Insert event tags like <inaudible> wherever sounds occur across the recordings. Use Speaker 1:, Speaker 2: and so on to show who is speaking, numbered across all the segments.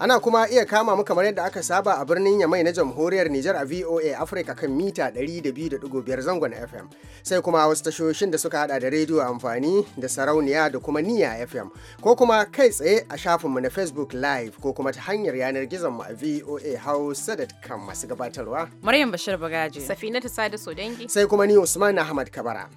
Speaker 1: Ana kuma iya kama mu kamar yadda aka saba a birnin Yamai na Jamhuriyar Nijar a VOA Africa kan mita 102.5 zangon FM. Sai kuma wasu tashoshin da suka hada da rediyo amfani da sarauniya da kuma niya FM. Ko kuma kai tsaye a shafinmu na Facebook Live ko kuma ta hanyar yanar gizon mu a VOA Hausa.com masu gabatarwa.
Speaker 2: Maryam Bashir Bagaji. Safina Sada
Speaker 1: Sai kuma ni Usman Ahmad Kabara.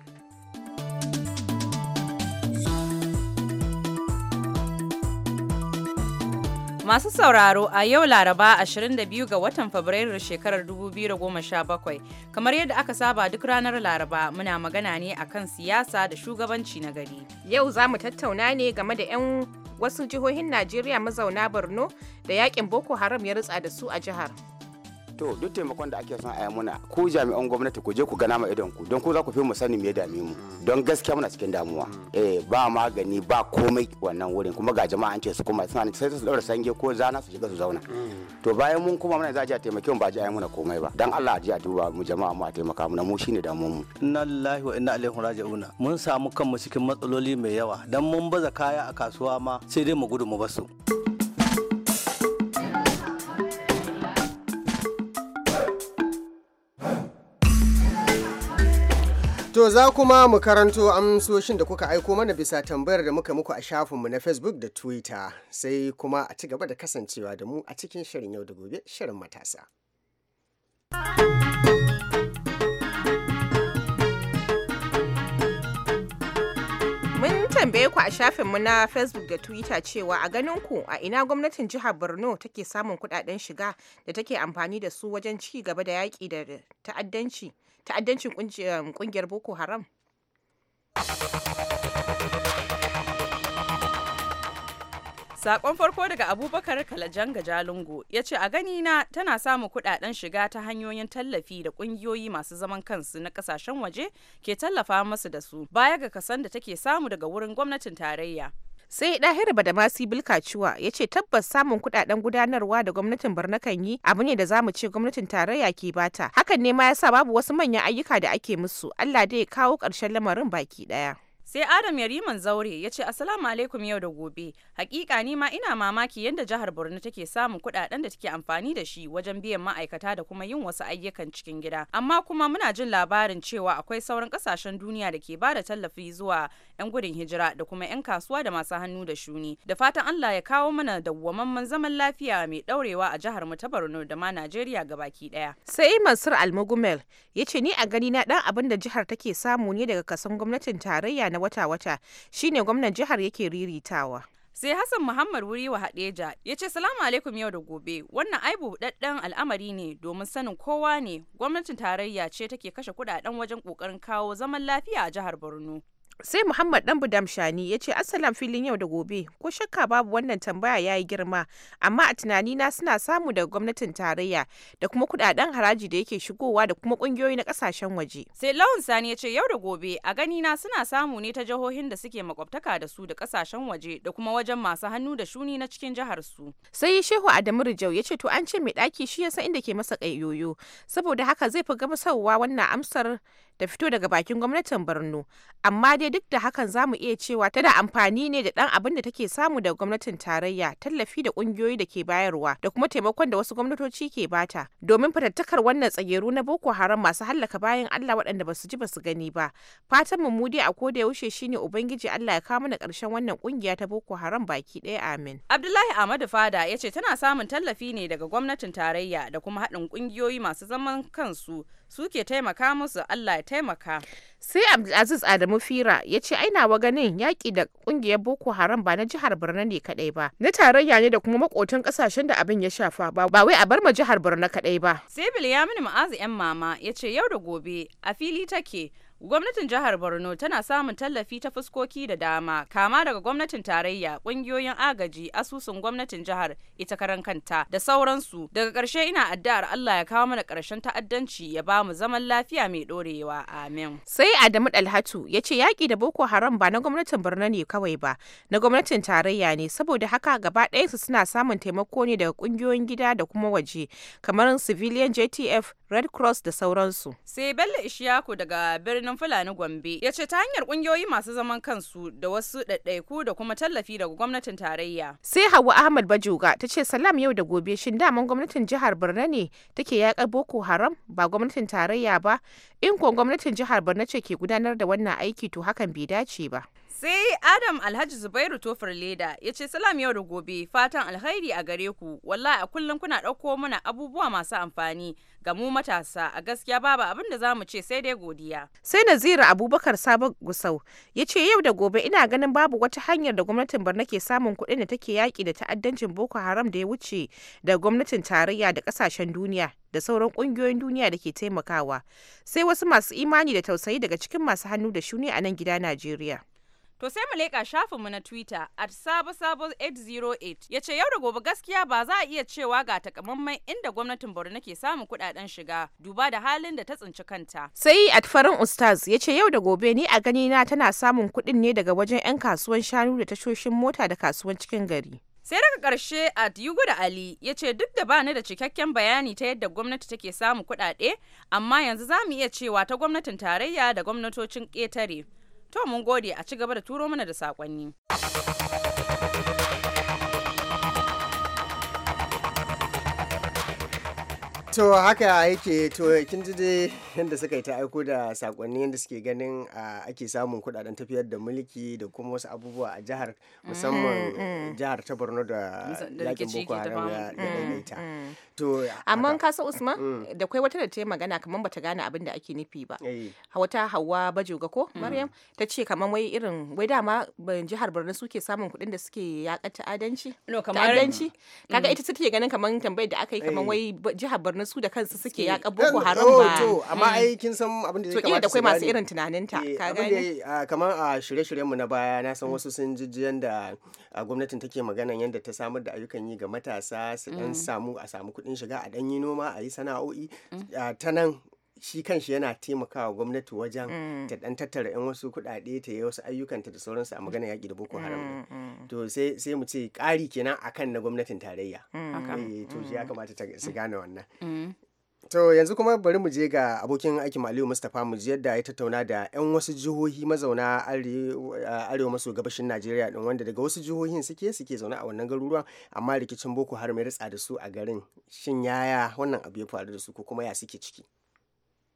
Speaker 2: Masu sauraro a yau Laraba 22 ga watan Fabrairu shekarar 2017 kamar
Speaker 3: yadda aka saba duk ranar Laraba muna magana ne a kan siyasa da shugabanci na gari. Yau za mu tattauna ne game da 'yan wasu jihohin Najeriya mazauna Borno da yakin Boko Haram ya rutsa da su a jihar.
Speaker 4: to duk taimakon da ake son a yi muna ko jami'an gwamnati ku je ku gana ma idon ku don ku za ku fi mu sani me dame mu don gaskiya muna cikin damuwa eh ba magani ba komai wannan wurin kuma ga jama'a an ce su kuma suna sai su daura sange ko zana su shiga su zauna to bayan mun kuma muna za a a taimake mu ba ji a yi muna komai ba dan Allah ji a duba mu jama'a mu a taimaka mu mu shine damu mu
Speaker 5: inna lillahi wa inna ilaihi raji'una mun samu kanmu cikin matsaloli mai yawa dan mun baza kaya a kasuwa ma sai dai mu gudu mu basu.
Speaker 1: To za kuma mu karanto amsoshin da kuka aiko mana bisa tambayar da muka muku a shafinmu na Facebook da Twitter sai kuma a ci gaba da kasancewa da mu a cikin shirin yau da gobe shirin matasa.
Speaker 3: Mun tambaye ku a shafinmu na Facebook da Twitter cewa a ganin ku a ina gwamnatin jihar Borno take samun kudaden shiga da take amfani da su wajen ci gaba da yaƙi da ta'addanci. ta'addancin um, kungiyar Boko Haram? Sakon farko daga Abubakar Kalajanga
Speaker 2: Jalingo ya ce a gani na tana samun kudaden shiga ta hanyoyin tallafi da kungiyoyi masu zaman kansu na kasashen waje ke tallafa masu da su baya ga kasan da take samu daga wurin gwamnatin tarayya.
Speaker 3: sai ɗahir badamasi bilkaciwa ya ce tabbas samun kuɗaɗen gudanarwa da gwamnatin barnakanyi kan yi abu ne da za mu ce gwamnatin tarayya ke bata hakan ne ma ya sa babu wasu manyan ayyuka da ake musu allah dai kawo ƙarshen lamarin baki ɗaya
Speaker 2: sai adam yariman zaure ya ce assalamu alaikum yau da gobe hakika ni ma ina mamaki yadda jihar borno take samun kudaden da take amfani da shi wajen biyan ma'aikata da kuma yin wasu ayyukan cikin gida amma kuma muna jin labarin cewa akwai sauran kasashen duniya da ke bada tallafi zuwa yan gudun hijira da kuma yan kasuwa da masu hannu da shuni da fatan allah ya kawo mana dawwamamman zaman lafiya mai daurewa a jihar mu ta borno da ma najeriya gabaki daya
Speaker 3: sai mansur almugumel ya ce ni a gani na dan abin da jihar take samu ne daga kasan gwamnatin tarayya na wata-wata ne gwamnan jihar yake riritawa.
Speaker 2: sai hassan muhammad wuri wa hadeja ya ce salamu alaikum yau da gobe wannan ai buɗaɗɗen al'amari ne domin sanin kowa ne gwamnatin tarayya ce take kashe kudaden wajen ƙoƙarin kawo zaman lafiya a jihar borno
Speaker 3: sai muhammad dan budam shani ya ce assalam filin yau da gobe ko shakka babu wannan tambaya ya yi girma amma a tunani na suna samu daga gwamnatin tarayya da kuma kudaden haraji da yake shigowa da kuma kungiyoyi na kasashen waje
Speaker 2: sai lawan sani ya ce yau da gobe a gani na suna samu ne ta jihohin da suke makwabtaka da su da kasashen waje da kuma wajen masu hannu da shuni na cikin jihar su
Speaker 3: sai shehu adamu rijau ya ce to an ce mai daki shi yasa inda ke masa kayoyo saboda haka zai fi gamsarwa wannan amsar da fito daga bakin gwamnatin borno amma dai duk da hakan za mu iya cewa tana amfani ne da ɗan abin da take samu daga gwamnatin tarayya, tallafi da ƙungiyoyi da ke bayarwa da kuma taimakon da wasu gwamnatoci ke bata. Domin fatattakar wannan tsagero na Boko Haram masu hallaka bayan Allah waɗanda ba su ji ba su gani ba. Fatan mu mu a ko da yaushe shine Ubangiji Allah ya kawo mana ƙarshen wannan ƙungiya ta Boko Haram baki ɗaya amin. Abdullahi Ahmadu Fada ya ce tana samun
Speaker 2: tallafi ne daga gwamnatin tarayya da kuma haɗin ƙungiyoyi masu zaman kansu suke taimaka musu Allah ya taimaka.
Speaker 3: sai abdulaziz adamu fira ya ce ainawa ganin yaƙi da ƙungiyar boko haram ba na jihar borno ne kaɗai ba na tarayya ne da kuma makotan ƙasashen da abin ya shafa ba wai a bar ma jihar borno kaɗai ba
Speaker 2: ya mini ma'azu yan mama ya ce yau da gobe a fili take Gwamnatin jihar Borno tana samun tallafi ta fuskoki da dama, kama daga gwamnatin tarayya, ƙungiyoyin agaji, asusun gwamnatin jihar, ita karan kanta da sauransu. Daga ƙarshe ina addu'ar Allah ya kawo mana ƙarshen ta'addanci ya ba mu zaman lafiya mai ɗorewa. Amin.
Speaker 3: Sai Adamu Dalhatu ya ce yaƙi da Boko Haram ba na gwamnatin Borno ne kawai ba, na gwamnatin tarayya ne saboda haka gaba ɗaya su suna samun taimako ne daga ƙungiyoyin gida da kuma waje, kamar civilian JTF, Red Cross da sauransu. Sai
Speaker 2: Bello Ishaku daga birnin Fulani Fulani Gombe ya ce ta hanyar kungiyoyi masu zaman kansu da wasu ɗaiɗaiku da kuma tallafi daga gwamnatin tarayya.
Speaker 3: Sai Hauwa Ahmad Bajoga ta ce salam yau da gobe shin daman gwamnatin jihar Borno ne take yaƙar Boko Haram ba gwamnatin tarayya ba in ko gwamnatin jihar Borno ce ke gudanar da wannan aiki to hakan bai dace ba.
Speaker 2: Sai Adam Alhaji Zubairu Tofar Leda ya ce salam yau da gobe fatan alhairi a gare ku wallahi a kullum kuna ɗauko mana abubuwa masu amfani ga mu matasa a gaskiya babu abin da zamu ce sai dai godiya.
Speaker 3: Sai Nazira Abubakar Sabo Gusau ya ce yau da gobe ina ganin babu wata hanyar da gwamnatin barna ke samun kuɗin da take yaki da ta'addancin Boko Haram da ya wuce da gwamnatin tarayya da ƙasashen duniya da sauran kungiyoyin duniya da ke taimakawa sai wasu masu imani da tausayi daga cikin masu hannu da shuni a nan gida Najeriya.
Speaker 2: To sai mu leƙa shafinmu na Twitter at sabo-sabo 808 ya ce yau da gobe gaskiya ba za a iya cewa ga takamaiman inda gwamnatin Borno ke samun kuɗaɗen shiga duba da halin da ta tsinci kanta.
Speaker 3: Sai at farin ustaz ya ce yau da gobe ni a gani na tana samun kuɗin ne daga wajen 'yan kasuwan shanu da tashoshin mota da kasuwan cikin gari.
Speaker 2: sai daga ƙarshe at yugo da ali ya ce duk da bani da cikakken bayani ta yadda gwamnati take samun kuɗaɗe amma yanzu za mu iya cewa ta gwamnatin tarayya da gwamnatocin ƙetare To mun gode a ci gaba da turo mana da saƙonni.
Speaker 1: to haka yake to kin ji dai yadda suka yi ta aiko da sakonni yadda suke ganin ake samun kudaden tafiyar da mulki da kuma wasu abubuwa a jihar mm, musamman mm. jihar ta borno da yakin boko haram ya mm, daidaita to
Speaker 3: amma ka san usman da kai wata da ta yi magana kamar bata gane abin da ake nufi ba eh. wata hawa bajoga ko maryam ta ce kamar wai irin wai dama jihar borno suke samun kuɗin da suke ta adanci ta'adanci kaga ita take ganin kamar tambayar da aka yi kamar eh. wai jihar borno tunanin su da kansu suke ya kabo ko oh, haram ba to amma ai hmm. kin san abin da zai kamata da kai masu irin tunanin ta eh, ka
Speaker 1: ah, kamar a ah, shirye-shiryen mu na baya na san wasu sun jijjiyan da ah, gwamnatin take magana yadda ta samar da ayyukan yi ga matasa su dan hmm. samu a samu kuɗin shiga a dan yi noma a yi sana'o'i ta nan shi kanshi yana taimakawa gwamnati wajen mm. ta dan tattara yan wasu kuɗaɗe ta yi wasu ayyukanta da sauransu a magana yaƙi da boko haram mm, mm. to sai sai mu ce ƙari kenan akan na gwamnatin tarayya eh, to shi ya kamata su gane wannan to yanzu kuma bari mu je ga abokin aikin aliyu mustapha mu ji yadda ya tattauna da 'yan wasu jihohi mazauna arewa maso gabashin najeriya din wanda daga wasu jihohin suke suke zaune a wannan garuruwan amma rikicin boko haram ya ritsa da su a garin shin yaya wannan abu ya faru da su ko kuma ya suke ciki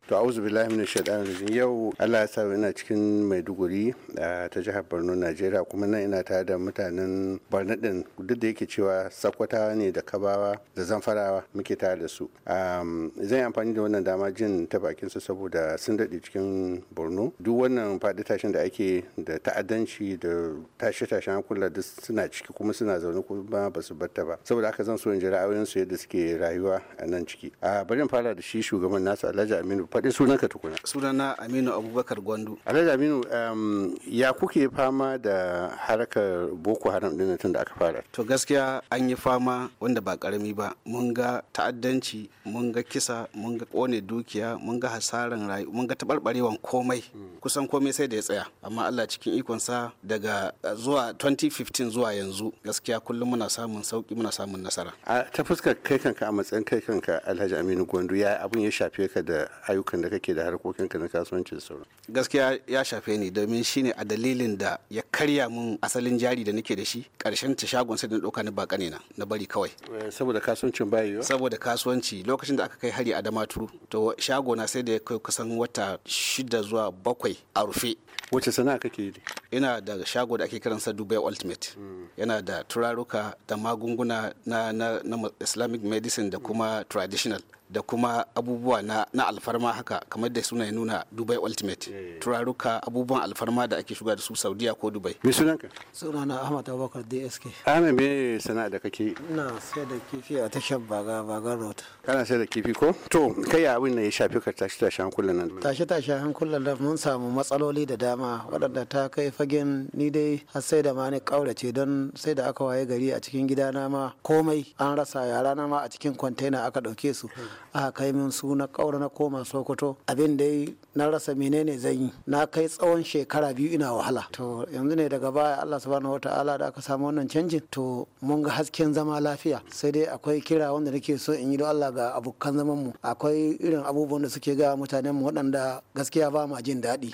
Speaker 6: To auzu billahi min shaitan rajim yau Allah ya sa ina cikin Maiduguri ta jihar Borno Najeriya kuma nan ina tare da mutanen Borno din duk da yake cewa sakkwata ne da Kabawa da Zamfarawa muke tare da su. zan yi amfani da wannan dama jin ta bakin su saboda sun daɗe cikin Borno duk wannan faɗi tashin da ake da ta'addanci da tashi tashin hankula duk suna ciki kuma suna zaune kuma ba su batta ba saboda haka zan so in ji ra'ayoyin su yadda suke rayuwa a nan ciki. bari in fara da shi shugaban nasu Alhaji Aminu faɗi sunanka tukuna sunana aminu abubakar gwandu alhaji aminu um, ya kuke fama da harkar boko haram din tun da aka fara
Speaker 7: to gaskiya an yi fama wanda ba karami ba mun ga ta'addanci mun ga kisa mun ga kone dukiya mun ga hasaran rayu mun ga taɓarɓarewan komai hmm. kusan komai sai da ya tsaya amma allah cikin ikon sa daga uh, zuwa 2015 zuwa yanzu gaskiya kullum muna samun sauki muna samun nasara
Speaker 6: A ta fuskar kai kanka a matsayin kai kanka alhaji aminu gwandu ya abun ya shafe ka da ayyuka ayyukan da kake da harkokin na kasuwancin sauran
Speaker 7: gaskiya ya shafe ni domin shine a dalilin da ya karya mun asalin jari da nake da shi karshen ta shagon sai na dauka ni ba kanina na bari kawai eh, saboda kasuwancin bai saboda kasuwanci lokacin da aka kai hari a turu to shago na sai da ya kai kusan wata shida zuwa bakwai a rufe wace sana'a kake yi ina da shago da ake kiransa dubai ultimate yana da turaruka da magunguna na, na, na islamic medicine da kuma traditional da kuma abubuwa na, na alfarma haka kamar da suna nuna dubai ultimate yeah, yeah. turaruka abubuwan alfarma da ake shiga da su saudiya ko dubai
Speaker 6: me sunanka
Speaker 8: sunana ahmad abubakar dsk
Speaker 6: ahmed me sana'a da kake
Speaker 8: ina sai da kifi a tashar baga baga road
Speaker 6: kana sai da kifi ko to kai abin da ya shafi ka tashi tashi hankulan nan
Speaker 8: tashi tashi hankulan nan mun samu matsaloli da dama waɗanda ta kai fagen ni dai har sai da ma ni kaurace don sai da aka waye gari a cikin gidana ma komai an rasa yara na ma a cikin kwantena aka dauke su aka kai min su na kaura na koma sokoto abin dai na rasa menene zan yi na kai tsawon shekara biyu ina wahala to yanzu ne daga baya Allah subhanahu wataala da aka samu wannan canjin to mun ga hasken zama lafiya sai dai akwai kira wanda nake so in yi don Allah ga abokan zaman mu akwai irin abubuwan da suke ga mutanen mu waɗanda gaskiya ba ma jin daɗi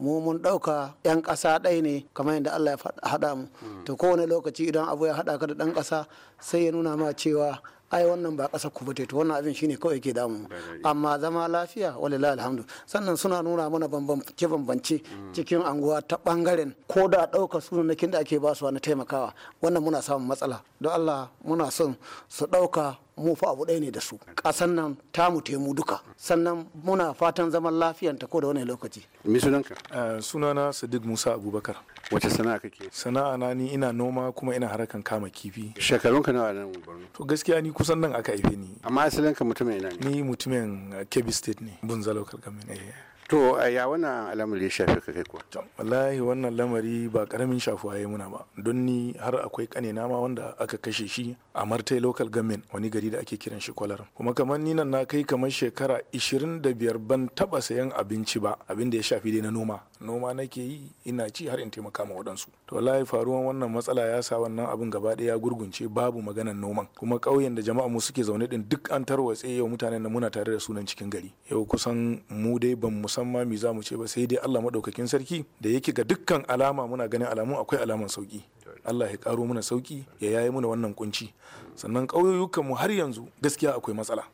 Speaker 8: mu mun ɗauka 'yan ƙasa ɗaya ne kamar yadda Allah ya haɗa mu to kowane lokaci idan abu ya haɗa ka da ɗan ƙasa sai ya nuna ma cewa ai wannan ba ƙasa ku to wannan abin shine kawai ke damu amma zama lafiya walillahi alhamdu sannan suna nuna mana bambance bambance cikin anguwa ta bangaren ko da ɗaukar sunanakin da ake basuwa na taimakawa wannan muna samun matsala don Allah muna son su ɗauka mu fa abu ɗaya ne da su ƙasan nan ta mu mu duka sannan muna fatan zaman lafiyan
Speaker 9: ta ko da wani lokaci me sunanka eh, sunana Sadiq Musa Abubakar wace sana'a kake sana'a na ni ina noma kuma ina harakan kama kifi shekarun ka nawa nan Borno to gaskiya ni kusan nan aka haife ni amma asalin ka mutumin ina ne ni mutumin eh, Kebbi State ne Bunzalo Kalkamin eh to ya wannan al'amari ya shafi kai kuwa wallahi wannan lamari ba karamin shafuwa ya muna ba don ni har akwai kane nama wanda aka kashe shi a martai local government wani gari da ake kiran shi kwalar kuma kamar ni nan na kai kamar shekara 25 ban taba sayan abinci ba abin da ya shafi dai na noma noma nake yi ina ci har in taimaka ma waɗansu to wallahi faruwan wannan matsala ya sa wannan abin gaba ɗaya ya gurgunce babu maganan noman kuma ƙauyen da jama'a mu suke zaune din duk an tarwatse yau mutanen da muna tare da sunan cikin gari yau kusan mu dai ban mu san ma mi za mu ce ba sai dai Allah madaukakin sarki da yake ga dukkan alama muna ganin alamu akwai alaman sauki Allah ya karo mana sauki ya yayi muna wannan kunci sannan ƙauyukan mu har yanzu gaskiya akwai matsala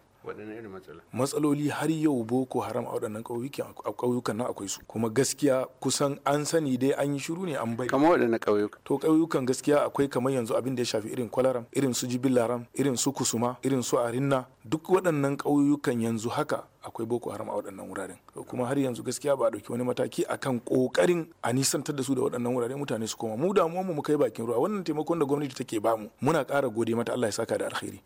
Speaker 9: matsaloli har yau boko haram a waɗannan ƙauyukan nan akwai su kuma gaskiya kusan an sani dai an yi shiru ne an bai kamar waɗannan ƙauyukan to ƙauyukan gaskiya akwai kamar yanzu abin da ya shafi irin kwalaram irin su jibilaram irin su kusuma irin su arinna duk waɗannan ƙauyukan yanzu haka akwai boko haram a waɗannan wuraren kuma har yanzu gaskiya ba a ɗauki wani mataki a kan ƙoƙarin a nisantar da su da waɗannan wuraren mutane su koma mu da mu kai bakin ruwa wannan taimakon da gwamnati take mu muna ƙara gode mata Allah ya saka da alkhairi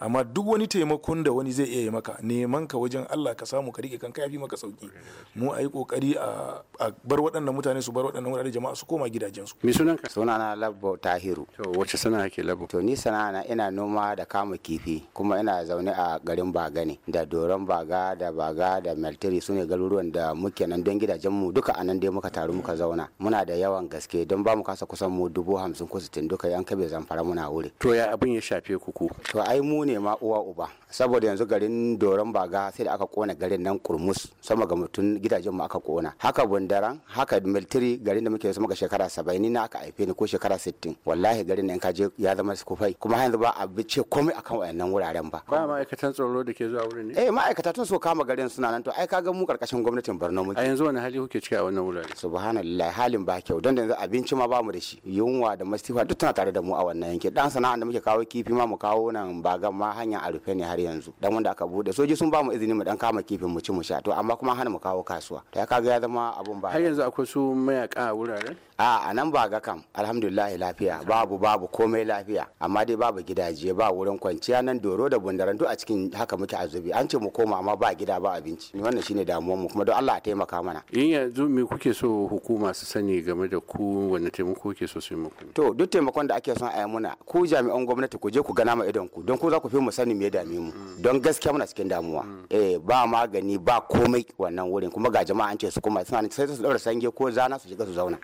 Speaker 9: amma duk wani taimakon da wani zai iya yi maka neman ka wajen Allah ka samu ka rike kanka fi maka sauki mu a yi ƙoƙari a bar waɗannan mutane su bar waɗannan wuraren jama'a su koma gidajensu. mi sunanka
Speaker 4: sunana labbo tahiru to wace sana'a ke labbo to ni sana'a ina noma da kama kifi kuma ina zaune a garin baga ne da doron baga da baga da maltiri su ne garuruwan da muke nan don gidajen mu duka a nan dai muka taru muka zauna muna da yawan gaske don ba mu kasa kusan mu dubu hamsin ko sittin duka yan kabe zamfara muna wuri to ya abin ya shafe kuku to ai mu ne ma uwa uba saboda yanzu garin doron baga sai da aka kona garin nan kurmus sama ga mutum gidajen mu aka kona haka bundaran haka miltiri garin da muke sama ga shekara saba'in na aka haife ni ko shekara sittin wallahi garin nan ka je ya zama kufai kuma yanzu ba a ce komai akan wayannan wuraren ba ba ma'aikatan tsaro da ke zuwa wurin ne eh ma'aikata tun so kama garin suna nan to ai kaga mu karkashin gwamnatin Borno muke a yanzu wani hali kuke ciki a wannan wurare subhanallahi halin ba kyau don yanzu abinci ma bamu da shi yunwa da mastifa duk tana tare da mu a wannan yankin dan sana'a da muke kawo kifi ma mu kawo nan bagan ma hanya a rufe ne har yanzu dan wanda aka bude soji sun ba mu izini mu dan kama kifin mu ci mu sha to amma kuma hana mu kawo kasuwa to ya kaga ya zama abun ba har yanzu akwai su mayaka a wuraren a a nan ba ga kam alhamdulillah lafiya babu babu komai lafiya amma dai babu gidaje ba wurin kwanciya nan doro da bundaran duk a cikin haka muke azubi an ce mu koma amma ba gida ba abinci wannan shine damuwar mu kuma don Allah a taimaka mana
Speaker 6: in yanzu me kuke so hukuma su sani game da ku wanne taimako kuke so su yi muku
Speaker 4: to duk taimakon da ake son a yi muna ku jami'an gwamnati ku je ku gana ma idon ku don ku za ku fi mu sani me dame mu ne don gaskiya muna cikin damuwa eh ba magani ba komai wannan wurin kuma ga jama'a an ce su kuma suna sai su daura sange ko zana su shiga su zauna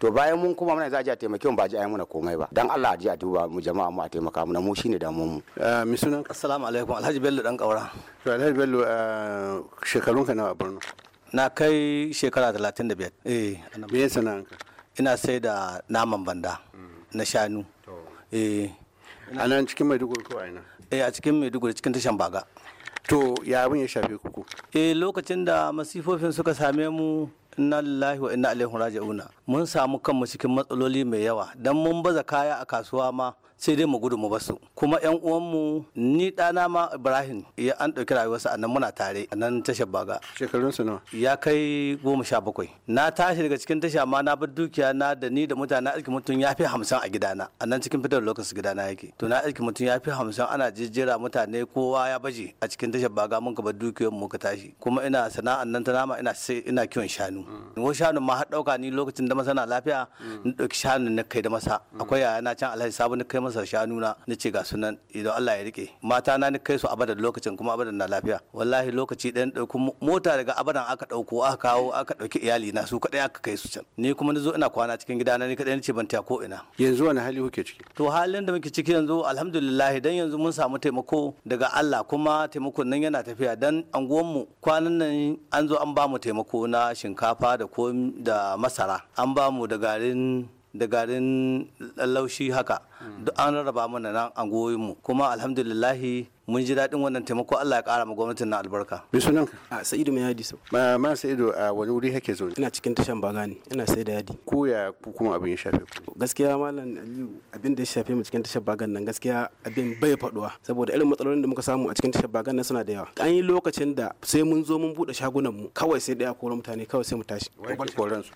Speaker 4: to bayan mun kuma muna za a ji a taimake mu ba ji a muna komai ba dan Allah ji a duba mu jama'a mu a taimaka mu mu shine damuwar mu eh, mi sunan
Speaker 5: assalamu alaikum Alhaji Bello dan kaura to Alhaji Bello eh, ka nawa a Borno na kai shekara 35 eh me sana'anka ina sai da naman banda na shanu eh a nan cikin maiduguri ko aina eh a cikin maiduguri cikin tashan baga to ya abin ya shafe kuku eh lokacin da masifofin suka same mu inna lillahi wa inna ilaihi raji'una mun samu kanmu cikin matsaloli mai yawa dan mun baza kaya a kasuwa ma sai dai mu gudu mu basu kuma yan uwanmu ni ɗana ma ibrahim ya an ɗauki rayuwarsa anan muna tare anan tasha baga shekarunsa nawa ya kai goma sha bakwai na tashi daga cikin tasha ma na bar dukiya na da ni da mutane aiki mutum ya fi hamsin a gidana anan cikin fitar lokacin gidana yake to na aiki mutum ya fi hamsin ana jejjera mutane kowa ya baje a cikin tasha baga mun ka bar dukiyar mu ka tashi kuma ina sana'an nan ta nama ina sai ina kiwon shanu mm. wa shanu ma har ɗauka ni lokacin da masana lafiya mm. ni ɗauki shanu na kai da masa mm. akwai yaya na can alhaji sabu na kai masa shanu na na ce ga sunan idan Allah ya rike mata na ni kai su abadan lokacin kuma abadan na lafiya wallahi lokaci ɗayan ɗauko mota daga abadan aka ɗauko aka kawo aka ɗauki iyali na su kaɗai aka kai su can ni kuma na zo ina kwana cikin gida na ni kaɗai ni ce ban ta ko
Speaker 6: ina yanzu wani hali kuke ciki
Speaker 5: to halin da muke ciki yanzu alhamdulillah dan yanzu mun samu taimako daga Allah kuma taimakon nan yana tafiya dan mu kwanan nan an zo an ba mu taimako na shinkafa da ko da masara an ba mu da garin da garin laushi haka duk an rarraba mana nan mu. kuma alhamdulillahi mun ji daɗin wannan taimako Allah ya ƙara ma gwamnatin na albarka. Bi nan A Sa'idu mai yadi sau. Ma ma Sa'idu a wani wuri hake zo? Ina cikin tashan bagani,
Speaker 10: ina sai da yadi. Ko ya ku kuma abin ya shafe ku? Gaskiya malam Aliyu abin da ya shafe mu cikin tashan bagan nan gaskiya abin bai faduwa saboda irin matsalolin da muka samu a cikin tashan bagan nan suna da yawa. An yi lokacin da sai mun zo mun buɗe shagunan mu kawai sai ɗaya kora mutane kawai sai mu tashi.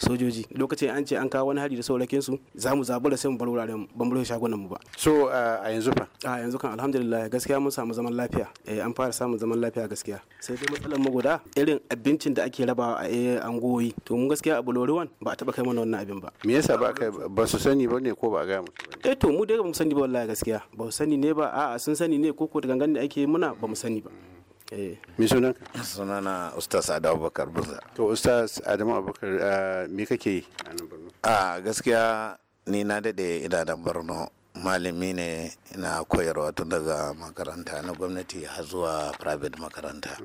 Speaker 10: Sojoji lokacin an ce an kawo wani hari da saurakin su za mu zabura sai mu bar wuraren ban shagunan kawunan mu ba so uh, a yanzu fa a yanzu kan alhamdulillah gaskiya mun samu zaman lafiya eh an fara samun zaman lafiya gaskiya sai dai matsalar mu guda irin abincin da ake rabawa a eh, angoyi to mun gaskiya a buloriwan ba a taba kai mana wannan abin ba
Speaker 6: me yasa ba kai ba su sani ba
Speaker 10: ne ko ba a ga musu eh to mu dai ba mu sani ba wallahi gaskiya ba su sani ne ba a'a sun sani ne ko ko da gangan ne ake muna ba mu sani ba
Speaker 11: eh. mi sunan sunana ustaz adamu bakar burza to ustaz adamu abubakar uh, me kake yi a ah, gaskiya ni na dade idanun borno malami ne na koyarwa tun daga makaranta na gwamnati har zuwa private makaranta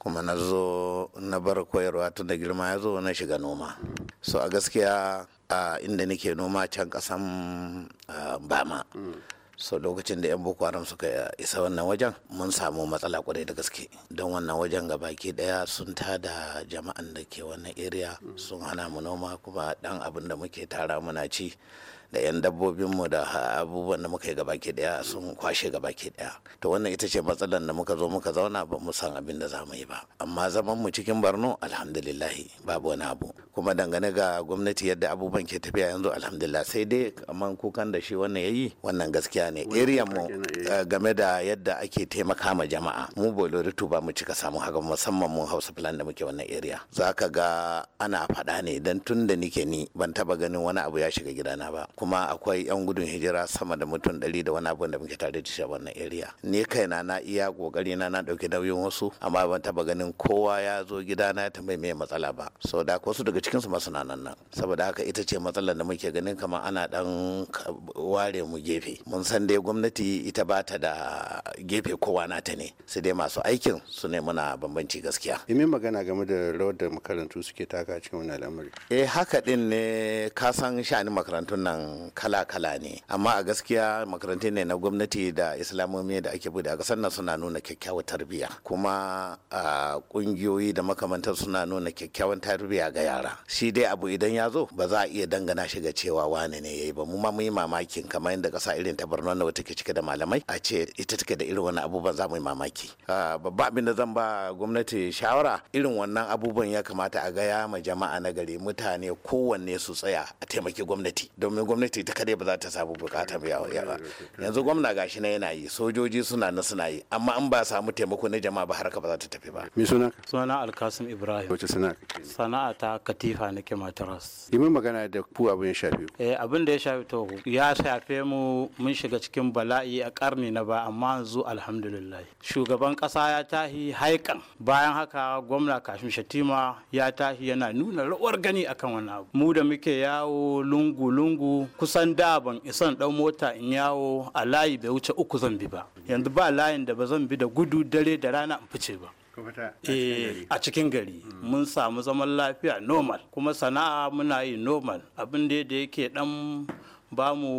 Speaker 11: kuma na zo na bar koyarwa tun da girma ya zo na shiga noma so a gaskiya a inda nake noma can kasan bama so lokacin da 'yan boko haram suka isa wannan wajen mun samu matsala kwarai da gaske don wannan wajen ga baki daya sun tada jama'an da ke wannan area sun hana mu noma kuma dan abin da muke tara muna ci da 'yan dabbobinmu da abubuwan da muka yi gaba ke daya sun kwashe gaba ke daya to wannan ita ce matsalar da muka zo muka zauna ba mu san abin da za mu yi ba amma zaman mu cikin barno alhamdulillahi babu wani abu kuma dangane ga gwamnati yadda abubuwan ke tafiya yanzu alhamdulillah sai dai amma kukan da shi wannan yayi wannan gaskiya ne area mu eh. Eh, game da yadda ake taimaka ma jama'a mu boloritu ba mu cika samu haka musamman mu hausa plan da muke wannan area zaka ga ana faɗa ne dan tun da nike ni ban taba ganin wani abu ya shiga gidana ba kuma akwai 'yan gudun hijira sama da mutum ɗari da wani abin da muke tare da shi a wannan area ni kaina na iya kokari na na dauki nauyin wasu amma ban taba ganin kowa ya zo gida na ya tambaye me matsala ba so da wasu daga cikin su masu nan nan saboda haka ita ce matsalar da muke ganin kamar ana dan ware mu gefe mun san dai gwamnati ita ba ta da gefe kowa na ta ne sai dai masu aikin su ne muna bambanci gaskiya yi magana game da rawar da makarantu
Speaker 6: suke taka cikin wannan al'amari
Speaker 11: eh haka din ne ka san sha'anin makarantun nan kala-kala ne amma a gaskiya makarantu ne na gwamnati da islamomi da ake bude a kasar nan suna nuna kyakkyawan tarbiyya kuma a kungiyoyi da makamantar suna nuna kyakkyawan tarbiyya ga yara shi dai abu idan ya zo ba za a iya dangana shi ga cewa wane ne ya yi ba mu ma mun mamakin kamar yadda kasa irin ta Borno wata ke cike da malamai a ce ita take da irin wani abubuwan za mu yi mamaki babba abin da zan ba gwamnati shawara irin wannan abubuwan ya kamata a gaya ma jama'a na gari mutane kowanne su tsaya a taimaki gwamnati domin gwamnati ta kadai ba za ta samu bukatar yawa ba yanzu gwamna gashi na yana yi sojoji suna na suna yi amma
Speaker 12: an ba samu taimako na jama'a ba harka ba za ta tafi ba mi suna suna alkasim ibrahim wace suna sana'a ta katifa ke matras
Speaker 6: yi magana da ku abin ya shafi ku eh abin da ya shafi to
Speaker 12: ya shafe mu mun shiga cikin bala'i a karni na ba amma yanzu alhamdulillah shugaban kasa ya tahi haikan bayan haka gwamna kashim shatima ya tahi yana nuna rawar gani akan wannan abu mu da muke yawo lungu lungu kusan da ban isan ɗan mota in yawo a layi bai wuce uku zan bi ba yanzu ba layin da ba zan bi da gudu dare da rana in fice ba eh, a cikin gari mm. mun samu zaman lafiya normal kuma sana'a muna yi normal abin da yake dan ba mu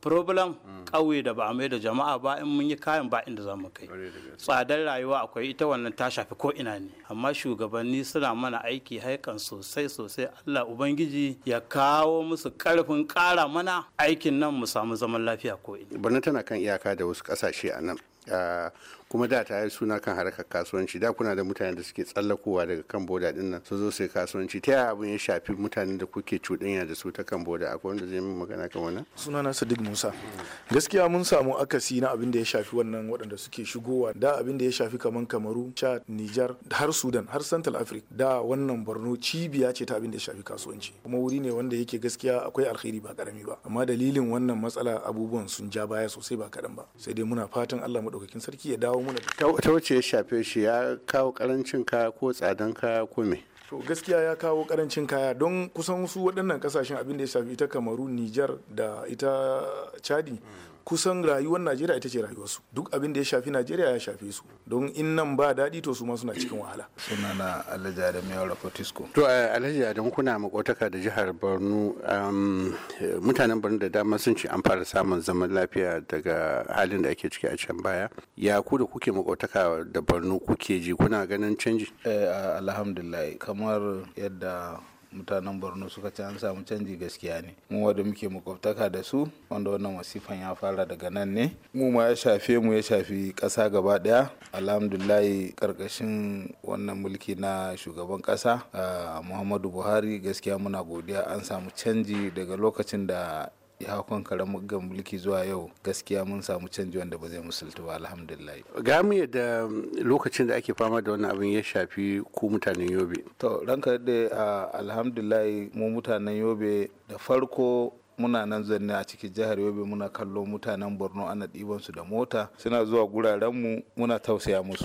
Speaker 12: problem mm. ƙauye da ba a mai da jama'a ba in mun yi kayan ba inda za mu kai tsadar rayuwa akwai ita wannan ta shafi ko ina ne amma shugabanni suna mana aiki haikan sosai sosai allah ubangiji ya kawo musu karfin ƙara mana aikin nan mu samu zaman lafiya ko
Speaker 6: ina tana kan iyaka da wasu ƙasashe a nan ah, kuma da ta yi suna kan harkar kasuwanci da kuna da mutanen da suke tsallakowa daga kan boda din nan su zo su kasuwanci ta yaya abin ya shafi mutanen da kuke cuɗanya da su ta kan boda akwai wanda zai min magana kan wannan
Speaker 9: suna na Sadiq Musa gaskiya mun samu akasi na abin da ya shafi wannan waɗanda suke shigowa da abin da ya shafi kamar Kamaru Chad Niger har Sudan har Central Africa da wannan Borno cibiya ce ta abin da ya shafi kasuwanci kuma wuri ne wanda yake gaskiya akwai alkhairi ba karami ba amma dalilin wannan matsala abubuwan sun ja baya sosai ba kaɗan ba sai dai muna fatan Allah maɗaukakin sarki ya dawo mana
Speaker 6: ta wace ya shafe shi ya kawo karancin kaya ko tsadan kaya ko me
Speaker 9: to gaskiya ya kawo karancin kaya don kusan su waɗannan kasashen abin da ya shafi ita kamaru nijar da ita chadi kusan rayuwar najeriya ita ce rayuwarsu duk abin da ya shafi najeriya ya shafe su don in nan ba daɗi to su ma suna cikin wahala sunana alhaji adam yawon rafotisko
Speaker 6: to eh, alhaji adam kuna makotaka da jihar borno mutanen borno da dama sun ce an fara samun zaman lafiya daga halin da ake ciki a can baya ya ku da kuke makotaka da borno kuke ji kuna ganin canji
Speaker 13: eh, alhamdulillah kamar yadda mutanen borno suka ce an samu canji gaskiya ne
Speaker 6: mu wanda muke makwabtaka da su
Speaker 13: wanda wannan wasifan ya fara daga nan ne mu ma ya shafe mu ya shafi ƙasa gaba ɗaya alhamdulahi ƙarƙashin wannan mulki na shugaban ƙasa ah, muhammadu buhari gaskiya muna godiya an samu canji daga lokacin da ya hakon ga mulki zuwa yau gaskiya mun samu canji wanda ba zai musulta ba alhamdulillah
Speaker 6: ga da lokacin da ake fama da wannan abin ya shafi ku mutanen yobe to ranka
Speaker 13: da alhamdulillah mu mutanen yobe da farko muna nan zanne a cikin jihar yobe muna kallo mutanen borno ana ɗibansu da mota suna zuwa guraren mu muna tausaya musu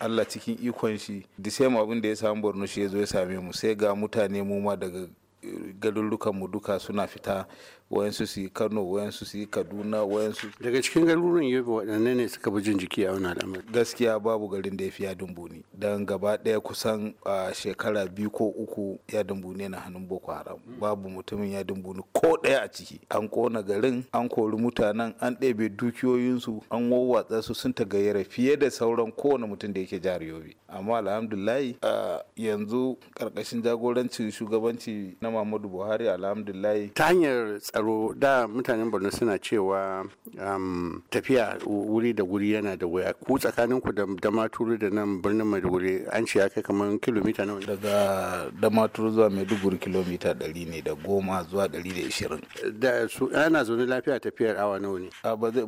Speaker 13: allah cikin ikon shi da same abin da ya samu borno shi ya zo ya same mu sai ga mutane mu ma daga eh, garurrukan mu duka suna fita wayansu su yi kano wayansu su yi kaduna wayansu
Speaker 6: daga cikin garuruwan yobe waɗanne ne suka bi jin jiki a wani al'amari
Speaker 13: gaskiya babu garin da ya fi yadin buni don gaba ɗaya kusan a shekara biyu ko uku yadin buni na hannun boko haram babu mutumin yadin buni ko ɗaya a ciki an kona garin an kori mutanen an ɗebe dukiyoyinsu an wawwatsa su sun ta tagayyara fiye da sauran kowane mutum da yake jihar yobe amma alhamdulahi yanzu ƙarƙashin
Speaker 6: jagorancin shugabanci na muhammadu buhari alhamdulahi ta hanyar tsaro taro da mutanen borno suna cewa um, tafiya wuri da wuri yana da waya ku tsakanin ku da damaturu da nan birnin maiduguri an ce aka kamar kilomita nawa daga damaturu zuwa maiduguri kilomita ɗari ne da goma zuwa ɗari da ishirin. su ana zaune lafiya tafiyar awa nawa ne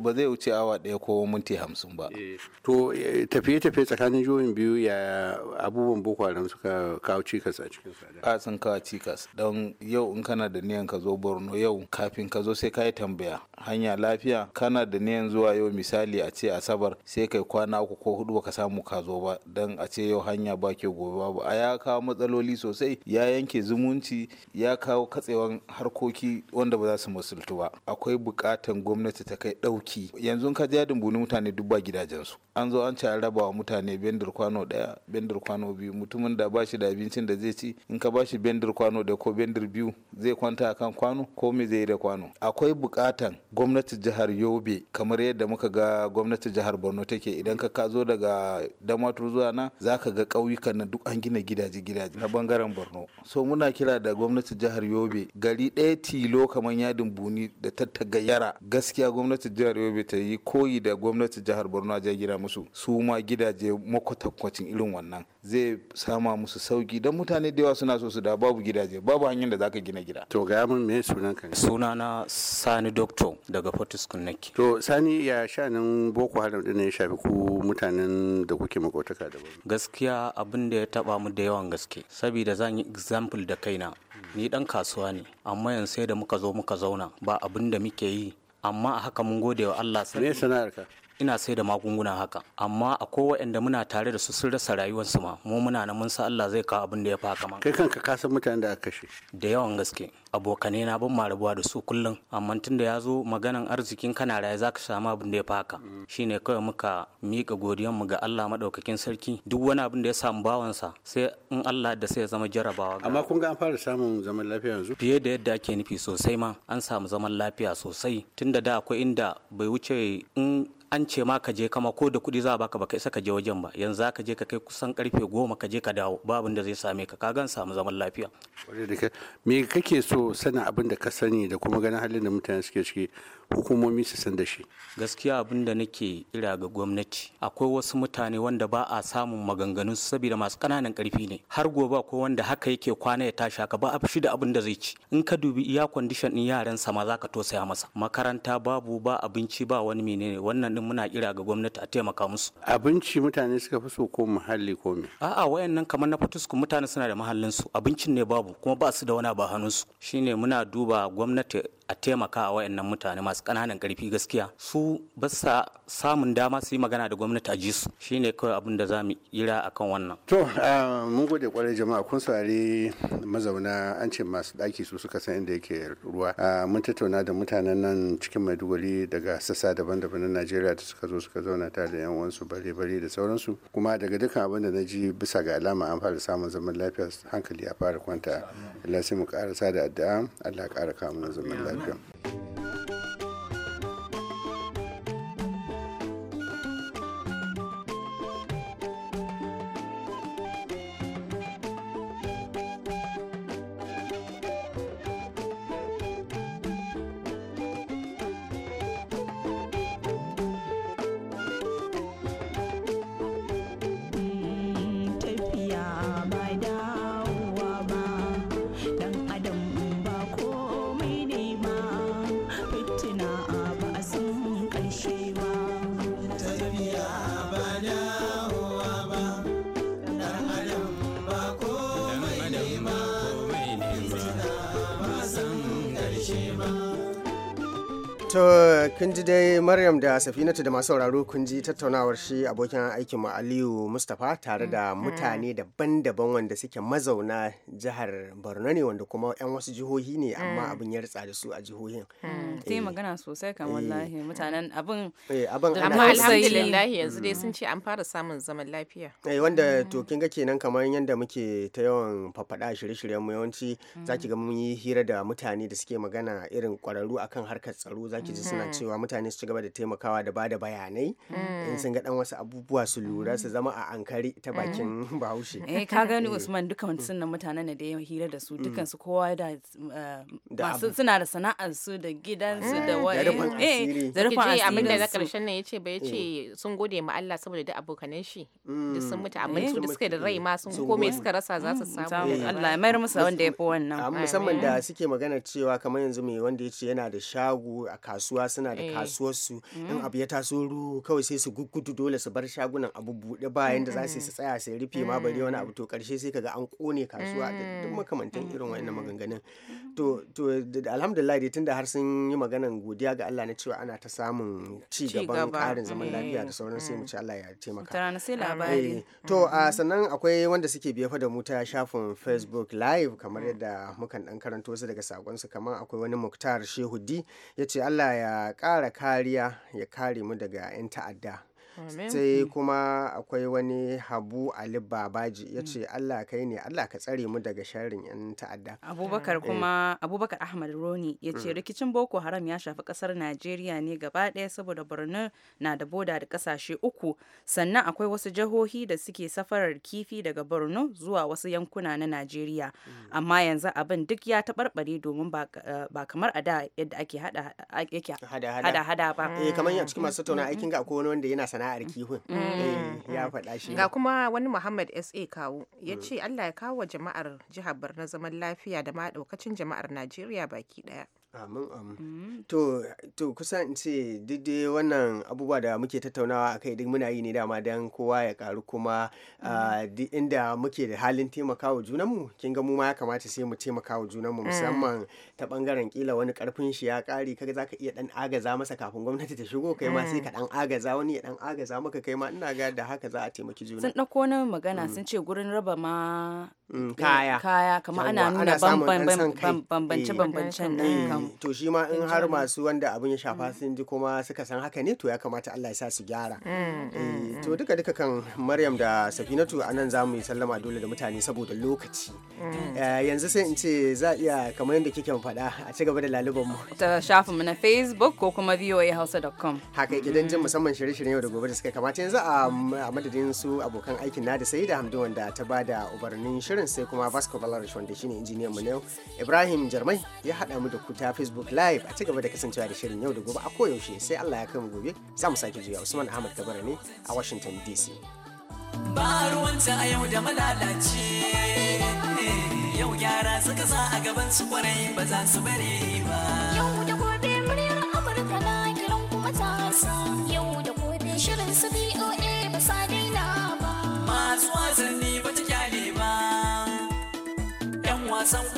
Speaker 6: ba zai wuce awa ɗaya ko minti hamsin ba eh, to eh, tafiye-tafiye tsakanin jihohin biyu ya abubuwan boko haram suka kawo cikas a cikin
Speaker 13: a sun kawo cikas don yau in kana da niyan ka zo borno yau kafin ka zo sai ka yi tambaya hanya lafiya kana da niyan zuwa yau misali a ce asabar sai kai kwana uku ko hudu ka samu ka zo ba dan a ce yau hanya ba ke gobe babu a ya kawo matsaloli sosai ya yanke zumunci ya kawo katsewan harkoki wanda ba za su musultu ba akwai bukatan gwamnati ta kai dauki yanzu ka ji yadin buni mutane duk ba gidajensu an zo an ci an mutane bendir kwano daya bendir kwano biyu mutumin da ba shi da abincin da zai ci in ka ba shi bendir kwano da ko bendir biyu zai kwanta akan kwano ko me zai yi da kwano akwai bukatan gwamnati jihar yobe kamar yadda muka ga gwamnati jihar borno take idan ka zo daga damatur zuwa na za ka ga ƙauyukan na duk an gina gidaje gidaje na bangaren borno so muna kira da gwamnati jihar yobe gari ɗaya tilo kamar yadin buni da tattaga yara gaskiya gwamnati jihar yobe ta yi koyi da gwamnati jihar borno a gina musu su ma gidaje makwatakwacin irin wannan zai sama musu sauki don mutane da yawa suna so su da babu gidaje babu hanyar da zaka gina gida to ga min me sunanka sunana sani doctor
Speaker 6: daga fortis connect To Sani ya shanin Boko Haram din ya shafi ku mutanen da kuke makotaka da
Speaker 14: Gaskiya abin da ya taba mu da yawan gaske. Saboda zan yi example da kaina. Ni dan kasuwa ne amma yanzu sai da muka zo muka zauna ba abin da muke yi amma a haka mun gode wa Allah. Me sana'arka? ina sai da magunguna haka amma a kowa inda muna tare da su sun rasa rayuwarsu ma mu muna na mun san Allah zai kawo abin da ya fa ma kai kanka ka san mutanen da aka kashe da yawan gaske abokanai na ban marabuwa da su kullum amma tun da ya zo maganan arzikin kana raye zaka samu abin da ya fa haka shine kawai muka mika godiyar mu ga Allah madaukakin sarki duk wani abin da ya samu bawansa sai in Allah da sai ya zama jarabawa amma kun ga an fara samun zaman lafiya yanzu fiye da yadda ake nufi sosai ma an samu zaman lafiya sosai tunda da akwai inda bai wuce in an ce ma ka je kama ko da kuɗi za a baka baka isa ka je wajen ba yanzu za ka je ka kai kusan karfe goma ka je ka dawo babin da zai same ka ka gan samu zaman lafiya.
Speaker 6: me kake so sanin abin da ka sani da kuma ganin halin da mutane suke ciki hukumomi su san da shi.
Speaker 14: gaskiya abin da nake ira ga gwamnati akwai wasu mutane wanda ba a samun maganganun saboda masu kananan karfi ne har gobe ko wanda haka yake kwana ya tashi haka ba a fi da abin da zai ci in ka dubi iya kwandishan ɗin yaran sama za ka tosaya masa makaranta babu ba abinci ba wani menene wannan din muna kira ga gwamnati a taimaka musu abinci mutane suka fi so ko muhalli ko me a'a wayannan kamar na fatusku mutane suna da mahallin su abincin ne babu kuma ba su da wani ba hannun su shine muna duba gwamnati a taimaka a wayannan mutane masu ƙananan ƙarfi gaskiya su ba samun dama su yi magana da gwamnati a ji su shine kawai abin da za mu a akan wannan
Speaker 6: to mun gode kwarai jama'a kun saurari mazauna an ce masu ɗaki su suka san inda yake ruwa mun tattauna da mutanen nan cikin maiduguri daga sassa daban-daban na najeriya da suka zo suka zauna tare da yan uwansu bare-bare da sauransu kuma daga dukkan abin da na ji bisa ga alama an fara samun zaman lafiya hankali ya fara kwanta Allah sai mu karasa da addu'a Allah ya kara zaman lafiya 是。
Speaker 1: To kun ji dai Maryam da Safinatu da masu sauraro kun ji tattaunawar shi abokin aikin mu Aliyu Mustapha tare da mm-hmm. mutane daban-daban wanda suke mazauna jihar Borno ne wanda kuma 'yan wasu jihohi ne amma mm. abin ya ritsa da su a jihohin.
Speaker 2: Mm. Eh. Sai magana
Speaker 3: sosai kan eh. wallahi mutanen abin eh, abin amma alhamdulillah yanzu dai mm. sun ce an fara samun zaman lafiya.
Speaker 1: Eh wanda to kin ga kenan kamar yadda muke ta yawan faffada shirye-shiryen mu yawanci zaki ga mun yi hira da mutane da suke magana irin kwararru akan harkar tsaro za ki ji suna hmm. cewa mutane su ci gaba da taimakawa da bada bayanai in hmm. sun ga dan wasu abubuwa su lura su zama a ankari ta hmm. bakin <laughs> bahaushe eh ka gani eh.
Speaker 2: Usman duka sun mutanen ne da yawan hira da su dukan su kowa da eh, masu suna da sana'ar su da gidan su da waye eh da rufin asiri abin da karshen nan
Speaker 3: yace ba yace eh. sun gode ma Allah saboda da abokanan shi da sun mutu amma da suka da rai ma sun kome suka rasa za su samu Allah ya mayar musu wanda ya
Speaker 1: fi wannan musamman da suke magana cewa kamar yanzu mai wanda yace yana da shago a kasuwa suna da eh. su in mm. abu ya taso ruhu kawai sai su guggudu dole su bar shagunan abu buɗe ba yanda za su tsaya su rufe ma bari wani abu to karshe mm. sai kaga an kone kasuwa da duk mm. makamantan irin wannan maganganun mm-hmm. to to alhamdulillah dai tunda har sun yi maganan godiya ga Allah na cewa ana ta samun ci gaban ƙarin zaman lafiya da eh. sauran sai mu ci Allah ya taimaka
Speaker 3: eh.
Speaker 1: to mm-hmm. sannan akwai wanda suke biye fa da mu ta shafin Facebook live kamar yadda mukan dan karanto su daga sakonsu kamar akwai wani Muktar Shehudi yace Allah Allah ya ƙara kariya ya kare mu daga 'yan ta'adda sai kuma akwai wani habu ali babaji ya ce allah kai ne allah ka tsare mu daga sharin yan ta'adda abubakar eh. kuma
Speaker 2: abubakar ahmad roni ya ce mm. rikicin boko haram ya shafi kasar najeriya ne gaba ɗaya saboda borno na da boda da kasashe uku sannan akwai wasu jihohi da suke safarar kifi daga borno zuwa wasu yankuna na najeriya mm. amma yanzu abin duk ya taɓarɓare domin ba eh, kamar a da yadda ake hada hada ba
Speaker 1: eh, kamar yin cikin mm, masu tattauna aikin ga akwai wani wanda yana sana'a sana'ar kihun mm. Mm. Eh, ya mm. faɗa shi ga
Speaker 3: kuma wani muhammad sa kawo ya ce allah ya kawo jama'ar jihar barna zaman lafiya da ma daukacin jama'ar najeriya baki ɗaya.
Speaker 1: Amin amin. Mm. To, to kusan in ce wannan abubuwa da muke tattaunawa akai duk muna yi ne dama don kowa ya karu kuma mm. duk inda muke da halin taimakawa junanmu kin ga mu ma ya kamata sai mu taimakawa junanmu mm. musamman ta bangaren kila wani karfin shi ya kare kaga zaka iya dan agaza masa kafin gwamnati ta shigo kai ma sai ka dan agaza wani ya dan agaza maka kai ma ina ga da haka za a taimaki juna. Sun
Speaker 2: dauko wani magana sun ce gurin raba ma
Speaker 1: eh, kaya kaya kamar ana nuna bambance bambancen eh. nan eh. kan Mm. to shi ma in har masu wanda abin ya shafa mm. sun ji kuma suka san haka ne to ya kamata Allah ya sa su gyara mm, eh. to duka duka kan maryam da safinatu a nan za mu yi sallama dole da mutane saboda lokaci mm. eh, yanzu sai in ce za iya kamar yadda kike faɗa a ci gaba da laluban mu
Speaker 2: ta shafin mu na facebook ko kuma voahausa.com haka gidan jin musamman
Speaker 1: shirye-shiryen yau da gobe da suka kamata yanzu a madadin su abokan aikin na da sai da hamdu wanda ta ba da ubarnin shirin sai kuma vasco valarish wanda shine injiniyan mu na yau ibrahim jarmai ya haɗa mu da kuta ta facebook live a ci gaba da kasancewa da shirin yau da gobe a koyaushe sai allah ya kai mu gobe za mu sake juya usman ahmad kabara ne a washington washington dc
Speaker 2: ba ruwanta a yau da malalace yau gyara suka sa a gaban su kwarai ba za su bare ba
Speaker 9: yau da gobe muryar amurka na kiran kuma ta yau da gobe shirin su boa ba sa daina ba masu wasanni ba
Speaker 14: ta kyale ba yan wasan